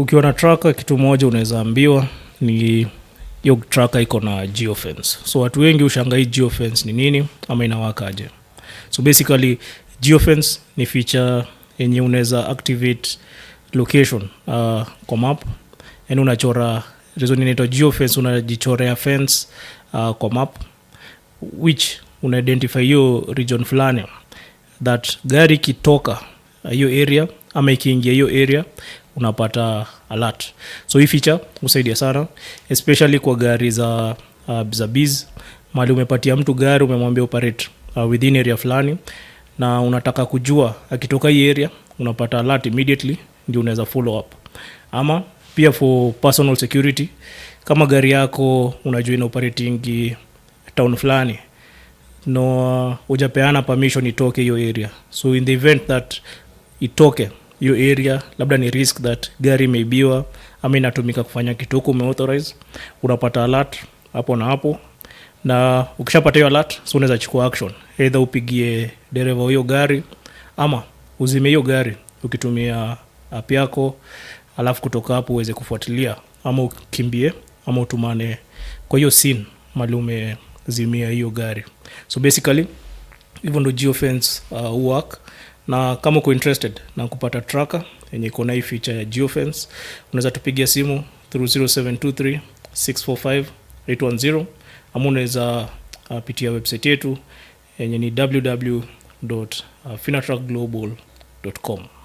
Ukiwa na traka kitu moja unaweza ambiwa ni hiyo tracker iko na geofence. So watu wengi ushangai geofence ni nini ama inawakaje. So basically geofence ni feature yenye unaweza activate location uh, kwa map, yani unachora reason inaitwa geofence, unajichorea fence uh, kwa map which unaidentify hiyo region fulani that gari ikitoka uh, hiyo uh, area ama ikiingia hiyo area unapata alert. So hii feature husaidia sana especially kwa gari za uh, za biz, mali umepatia mtu gari umemwambia operate uh, within area fulani na unataka kujua akitoka hii area unapata alert immediately, ndio unaweza follow up. Ama pia for personal security, kama gari yako unajua ina operating uh, town fulani no, hujapeana permission itoke hiyo area, so in the event that itoke hiyo area, labda ni risk that gari imeibiwa ama inatumika kufanya kitu huku umeauthorize, unapata alert hapo na hapo, na ukishapata hiyo alert, so unaweza chukua action, eidha upigie dereva hiyo gari ama uzime hiyo gari ukitumia ap yako, alafu kutoka hapo uweze kufuatilia ama ukimbie ama utumane kwa hiyo sin mali umezimia hiyo gari. So basically hivyo ndo geofence uh, work na kama uko interested na kupata tracker yenye iko na hii feature ya geofence, unaweza tupigia simu through 0723 645 810 ama unaweza uh, pitia website yetu yenye ni www.finatrackglobal.com.